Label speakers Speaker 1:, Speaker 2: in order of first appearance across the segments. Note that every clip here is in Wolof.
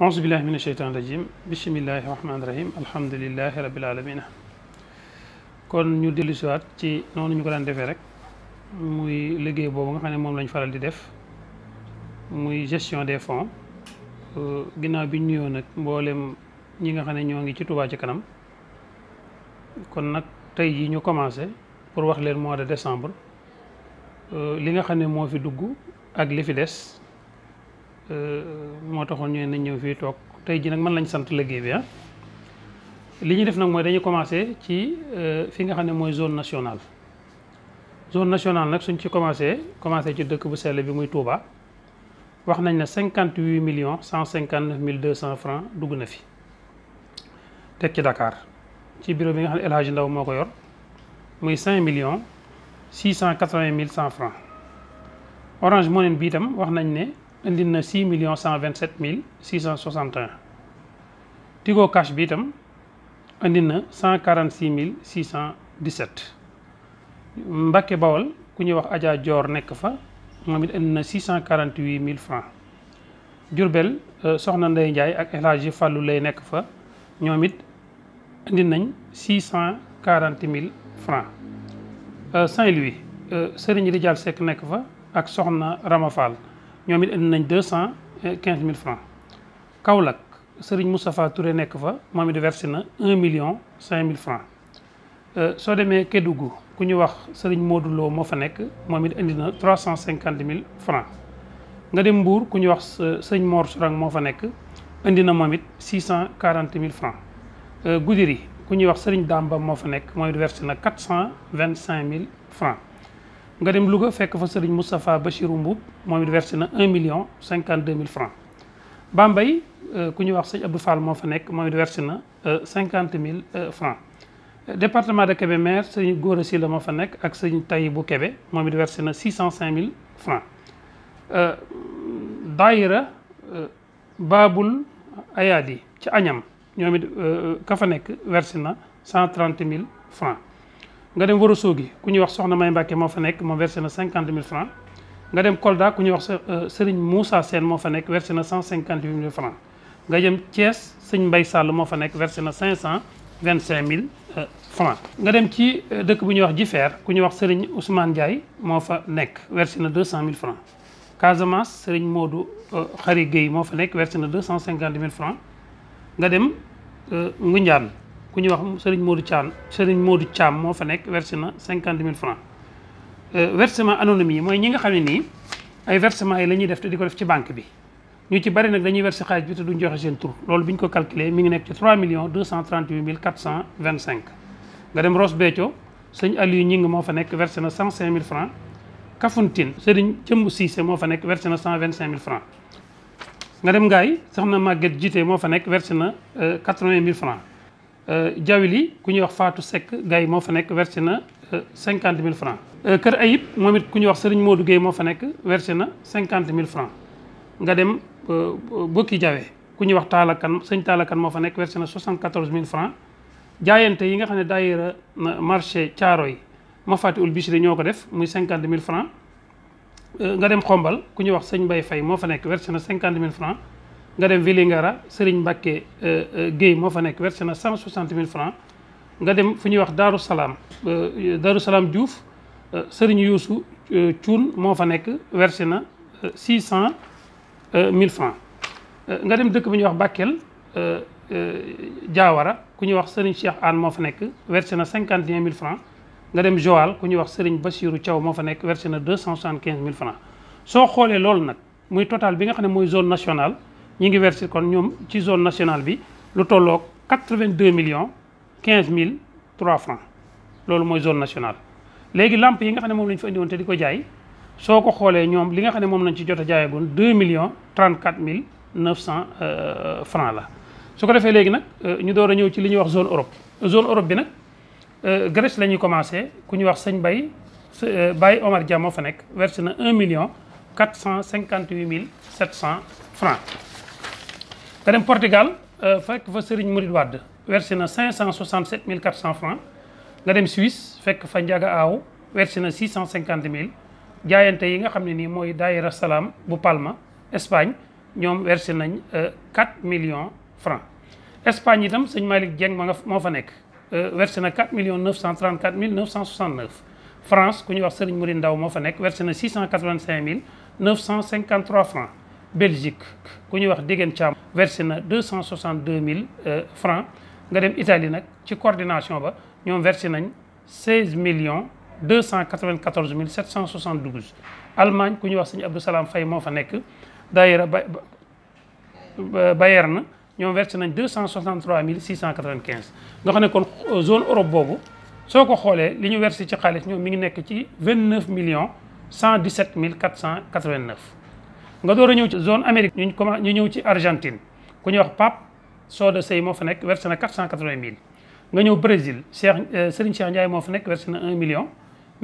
Speaker 1: auzu billahi min asheytaan rajim bisimillahi rahmaani rahim alhamdulilahi rabil alamina kon ñu dellu siwaat ci noonu ñu ko daan defee rek muy liggéey boobu nga xam ne moom lañ faral di def muy gestion des fonds euh, ginnaaw bi ñu nuyoo nag mbooleem ñi nga xam ne ñoo ngi ci Touba ci kanam kon nag tey jii ñu commencé pour wax leen mois de décembre euh, li nga xam ne moo fi dugg ak li fi des Euh, moo taxoon ñu ne ñëw fii toog tey ji nag man lañ sant liggéey bi ah li ñuy def nag mooy dañuy commencé ci euh, fi nga xam ne mooy zone nationale zone national nag suñ ci commencé commencé ci dëkk bu sell bi muy Touba wax nañ ne cinquante huit millions cent cinquante mille deux cent francs dugg na fi teg ci dakaar ci bureau bi nga xam ne El Hadj Ndaw moo ko yor muy cinq millions six cent quatre vingt mille cent francs Orange Money bi itam wax nañ ne. indi na six millions cent vingt sept mille six cent soixante un Tigo Cash bi itam indi na cent quarante six mille six cent dix sept ku ñuy wax ajaajoor nekk fa moom it indi na six cent quarante huit mille francs jurbel euh, Soxna Ndeye Ndiaye ak El Hadji lay nekk fa ñoom it indi nañ six cent quarante mille francs euh, Saint-Louis euh, Serigne Ridial Seck nekk fa ak Soxna Rama ñoom it indi nañ deux cent quinze mille francs Kaolack Serigne Moustapha Touré nekk fa moom it versé na un million cinq mille francs euh, soo demee Kédougou ku ñu wax Serigne Modou moo fa nekk moom it indi na trois cent cinquante mille francs nga dem Mbour ku ñu wax euh, Serigne Mor Sourang moo fa nekk indi na moom it six cent quarante mille francs euh, Goudiri ku ñuy wax Serigne Damba moo fa nekk moom it versé na quatre cent vingt cinq mille francs nga dem luga fekk fa sëriñ Moustapha Bachirou Mboub moom it versé na 1 million 52 mille francs Bambey euh, ku ñuy wax sëñ Abdou Fall moo fa nekk moom it versé na 50 euh, mille euh, francs département de Kébémer sëriñ Gora Sylla moo fa nekk ak sëriñ bu Kébé moom it versé na 605 mille francs daayira Baabul Ayaadi ci Agnam ñoom it ka fa nekk versé na 130 mille francs nga dem Ourossogui ku ñuy wax Soxna May Mbàkke moo fa nekk moom versé na cinquante mille francs nga dem Kolda ku ñuy wax euh, Serigne Moussa Sène moo fa nekk versé na cent cinquante mille francs nga jëm Thiès sëñ Mbay Sall moo fa nekk versé na cinq cent vingt cinq mille euh, francs nga dem ci euh, dëkk bu ñuy wax Jifeer ku ñuy wax Serigne Ousmane Ndiaye moo fa nekk versé na deux cent mille francs Casamance Serigne Modou Xari Guèye moo fa nekk versé na deux cent cinquante mille francs nga dem Ngunjaan ku ñuy wax sëriñ Modou Thiam sëriñ Modou Thiam moo fa nekk versé na cinquante mille francs euh, versement anonyme yi mooy ñi nga xam ne nii ay versement yi la ñuy def di ko def ci banque bi ñu ci bari nag dañuy verser xaalis bi te duñ joxe seen tur loolu bi ñu ko calculer mi ngi nekk ci 3 millions 238 mille 425 nga dem Ross Béthio sëñ Aliou Ñing moo fa nekk versé na 105 mille francs Kafountine sëriñ Cëmb Cissé moo fa nekk versé na 125 mille francs nga dem Ngaay soxna Maguette Jité moo fa nekk versé na 80 euh, mille francs jawili euh, ku ñuy wax Fatou Seck Gaye moo fa nekk versé na euh, cinquante mille francs euh, Kër Ayib moom it ku ñuy wax Serigne Modou Guèye moo fa nekk versé na cinquante mille francs nga dem Bokki Jawe ku ñu wax Taalakan sëñ Taalakan moo fa nekk versé na soixante-quatorze mille francs jaayante yi nga xam ne daayira marché Thiaroy yi ma fàtti ul ñoo ko def muy cinquante mille francs nga dem Xombal ku ñuy wax sëñ Mbaye fay moo fa nekk versé na cinquante mille francs nga dem Vélingara Serigne Mbacke euh, euh, Guèye moo fa nekk versé na cent soixante mille francs nga dem fu ñuy wax Daaru Salaam euh, Daaru Salaam Diouf Serigne Youssou Thioune moo fa nekk versé na six cent mille francs nga dem dëkk bu ñuy wax Bakel Diawara ku ñu wax Serigne Cheikh Anne moo fa nekk versé na cinquante et un mille francs nga dem Joal ku ñu wax Serigne Bassirou Thiaw moo fa nekk versé na deux cent soixante quinze mille francs soo xoolee loolu nag muy total bi nga xam ne mooy zone national ñi ngi versé kon ñoom ci zone nationale bi lu tolloo 82 millions 15 mille 3 francs loolu mooy zone nationale. léegi lamp yi nga xam ne moom la ñu fa indiwoon te di ko jaay soo ko xoolee ñoom li nga xam ne moom lañ ci jot a jaayagoon 2 millions 34 mille 900 euh, francs la. su ko defee léegi nag euh, ñu door a ñëw ci li ñuy wax zone Europe zone Europe bi nag euh, Grèce la ñuy commencé ku ñuy wax sëñ Baye Baye Omar Dia moo fa nekk versé na 1 million 458 mille 700 francs. nga dem Portugal euh, fekk fa Serigne Mouride Wade versé na 567 400 francs nga dem Suisse fekk fa Ndiaga Aw versé na 650 000 jaayante yi nga xam ne nii mooy Daayira Salaam bu Palma Espagne ñoom versé nañ 4 euh, millions francs Espagne itam sëñ Malick Dieng ma nga moo fa nekk euh, versé na 4 millions 934 mille 969 France ku ñuy wax Serigne Mouride Ndaw moo fa nekk versé na 685 francs Belgique ku ñuy wax Degen Thiam versé na deux cent soixante deux mille euh, francs nga dem Italie nag ci coordination ba ñoom versé nañ seize millions deux cent quatre vingt quatorze mille sept cent soixante douze. ku ñu wax sëñ Abdou fay moo fa nekk daayira Bayern na ñoom versé nañ deux cent soixante mille six cent quatre vingt quinze. nga xam ne kon euh, zone Europe boobu soo ko xoolee li ñu versé ci xaalis ñoom mi ngi nekk ci vingt neuf millions cent dix sept mille quatre cent quatre vingt nga door a ñëw ci zone Amérique ñu commencé ñu ñëw ci Argentine ku ñuy wax Pape Soda Sey moo fa nekk versé na quatre cent quatre-vingt mille nga euh, moo fa nekk versé na million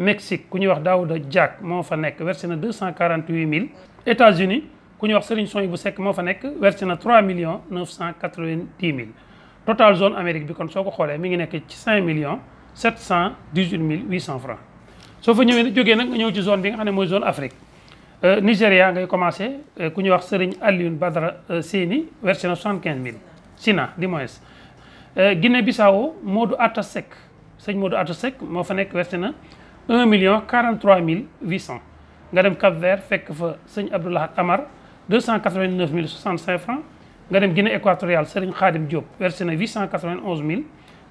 Speaker 1: Mexique ku ñuy wax Daouda Diack moo fa nekk versé na deux cent quarante-huit mille États-Unis ku ñuy wax Serigne Soy bu Seck moo fa nekk versé na trois millions neuf cent quatre-vingt-dix mille total zone Amérique bi kon soo ko xoolee mi ngi nekk ci cinq millions sept cent dix-huit mille huit cent francs soo fa ñëwee jógee nag nga ñëw ci zone bi nga xam ne mooy zone Afrique Euh, Nigéria ngay commencé euh, ku ñuy wax Serigne Alioune Badara euh, Séni versé na soixante-quinze mille Sina du moins Guinée Bissau Modou Atta Seck sëñ Modou Atta Seck moo fa nekk versé na un million quarante mille huit cent nga dem Cap Vert fekk fa sëñ Abdoulahat Amar deux cent quatre-vingt-neuf mille soixante-cinq francs nga dem Guinée équatoriale Serigne Khadim Diop versé na huit cent quatre-vingt-onze mille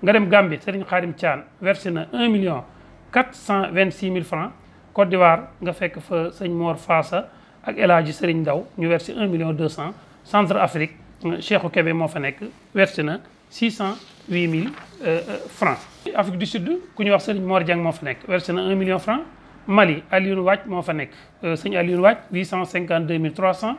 Speaker 1: nga dem Gambie Serigne Khadim Thian versé na un million quatre cent vingt-six mille francs Côte d'Ivoire nga fekk fa sëñ Mor Faasa ak El Hadji Serigne Ndaw ñu wer un million deux cent centre Afrique Cheikhou Kébé moo fa nekk versé na six cent huit mille euh, francs Afrique du Sud ku ñuy wax Serigne Mor Dieng moo fa nekk versé na un million francs Mali Alioune Waaj moo fa nekk euh, sëñ Alioune Waaj huit cent cinquante deux mille cent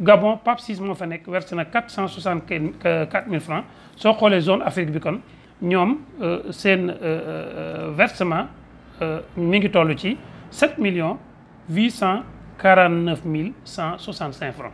Speaker 1: Gabon Pape Ciss moo fa nekk versé na quatre cent soixante quatre mille francs soo xoolee zone Afrique bi kon ñoom euh, seen versement mi ngi toll ci sept million huit cent quarante neuf mille cent soixante cinq francs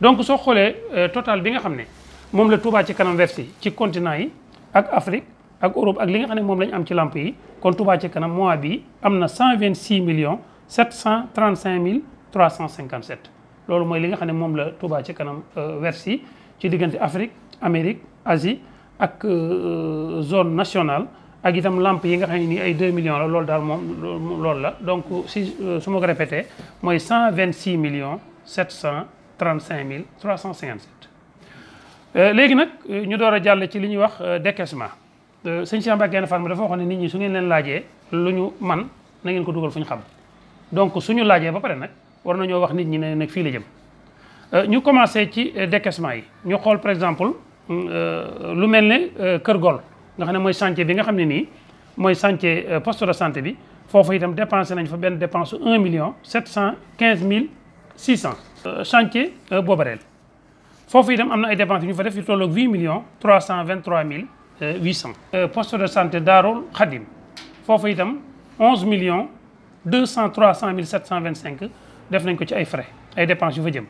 Speaker 1: donc soo xoolee euh, total bi nga xam ne moom la Touba ci kanam versé ci continent yi ak Afrique ak Europe ak li nga xam ne moom la ñu am ci lamp yi kon Touba ci kanam mois bi am na cent vingt six millions cent trente cinq mille trois cent cinquante sept loolu mooy li nga xam ne moom la Touba ci kanam euh, versé ci diggante Afrique Amérique asi ak euh, zone nationale ak itam lamp yi nga xam ne nii ay 2 millions la loolu daal moom loolu la donc si euh, su ma ko répété mooy 126 millions 735 mille 357. Euh, léegi nag euh, ñu door a jàll ci li ñuy wax décaissement sëñ Cheikh Mbacké Gaïndé Fatma dafa waxoon ne nit ñi su ngeen leen laajee lu ñu man nangeen ko dugal fu ñu xam donc suñu laajee ba pare nag war nañoo wax nit ñi ne nag fii la jëm ñu commencé ci décaissement yi ñu xool par exemple lu mel ne Kër Gol. nga xam ne mooy chantier bi nga xam ne nii mooy chantier euh, poste de santé bi foofu itam dépensé nañ fa benn dépense su 1 million 715 mille 600. Euh, chantier euh, Bobareel foofu itam am na ay dépenses yu ñu fa def yu tolloog 8 millions 323 mille 800. poste de santé Daarul Xadim foofu itam 11 millions 200 300 mille 725 def nañ ko ci ay frais ay dépenses yu fa jëm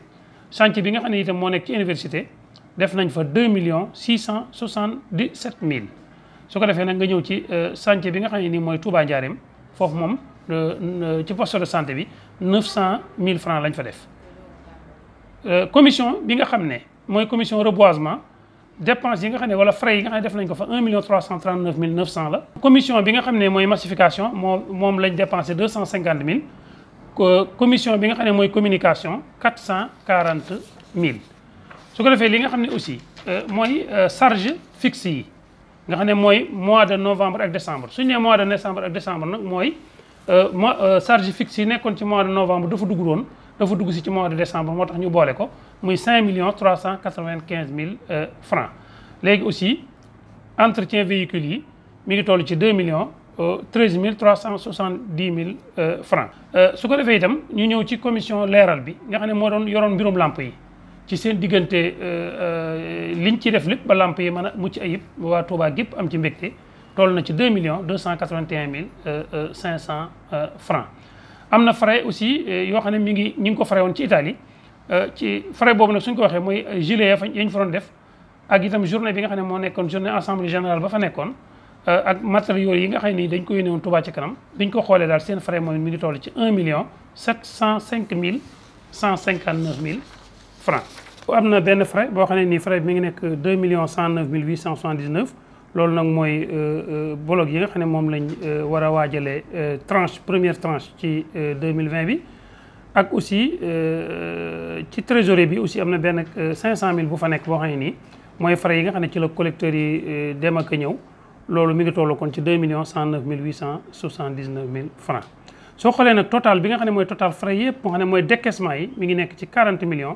Speaker 1: chantier bi nga xam ne itam moo nekk ci université def nañ fa deux million cent 2 millions 677 mille. su ko defee nag nga ñëw ci euh, chantier bi nga xam ne ni mooy Touba Ndiarème foofu moom ci poste de santé bi cent 900000 francs lañ fa def euh, commission bi nga xam ne mooy commission reboisement dépense yi nga xam ne wala frais yi nga xam ne def nañ ko fa 1 million 339 mille 900 la. commission bi nga xam ne mooy massification moom moom lañ dépensé 250 mille commission bi nga xam ne mooy communication 440 mille su ko defee li nga xam ne aussi euh, mooy charge fixe yi. nga xam ne mooy mois de novembre ak décembre suñu nee mois de décembre ak décembre nag mooy euh, ma euh, charge fixe yi nekkoon ci mois de novembre dafa dugg woon dafa dugg si ci mois de décembre moo tax ñu boole ko muy 5 millions 395 mille euh, francs léegi aussi entretien véhicule yi mi ngi toll ci million 2 millions cent mille 370 mille francs su ko defee itam ñu ñëw ci commission leeral bi nga xam ne moo doon yoroon mbirum làmp yi ci seen diggante euh, euh, liñ ci def lépp ba lamp yi mën a mucc ayib waa Touba gépp am ci mbégte toll na ci 2 millions 281 mille 500 euh, francs am na frais aussi yoo xam ne mi ngi ñi ngi ko frais woon ci Italie ci frais boobu nag suñ ko waxee mooy gilet ya fa ñu fa doon def ak itam journée bi nga xam ne moo nekkoon journée assemblée générale ba fa nekkoon ak matériaux yi nga xam ne dañ ko yónnee woon Touba ci kanam biñ ko xoolee daal seen frais mooy mi ngi toll ci 1 million 705 mille 159 mille francs am na benn frais boo xam ne nii frais bi mi ngi nekk 2 millions 109 mille 879 loolu nag mooy euh, euh, bolog yi nga xam ne moom lañ euh, war a waajalee tranche première tranche ci 2020 bi ak bi aussi am na benn 500 mille bu fa nekk boo xam ne nii mooy frais yi nga xam ne ci la collecteurs yi dem ak ñëw loolu mi ngi tollu mille francs soo xoolee nag total bi nga xam ne mooy total frais yëpp moo xam mooy décaissement yi mi ngi nekk ci 40 millions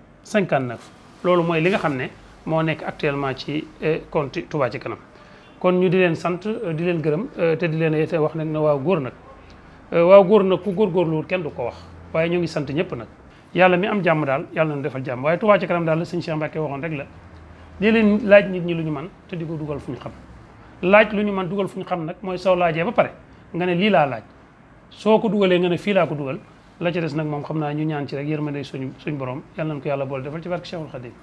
Speaker 1: 59 loolu mooy li nga xam ne moo nekk actuellement ci eh, compte Touba ci kanam kon ñu di leen sant eh, di leen gërëm eh, te di leen te wax ne waaw góor nag waaw góor nag ku góor góorgóorluwul kenn du ko wax waaye ñu ngi sant ñëpp nag yàlla mi am jàmm daal yàlla nañu defal jàmm waaye Touba ci kanam daal la sëñ Cheikh Mbacke waxoon rek la di leen laaj nit ñi lu ñu man te di ko dugal fu ñu xam laaj lu ñu man dugal fu ñu xam nag mooy soo laajee ba pare nga ne lii laa laaj soo ko dugalee nga ne fii laa ko dugal la ca des nag moom xam naa ñu ñaan ci rek yërmande suñu suñu borom yàlla nañ ko yàlla boole defal ci barke Cheikhul Khadim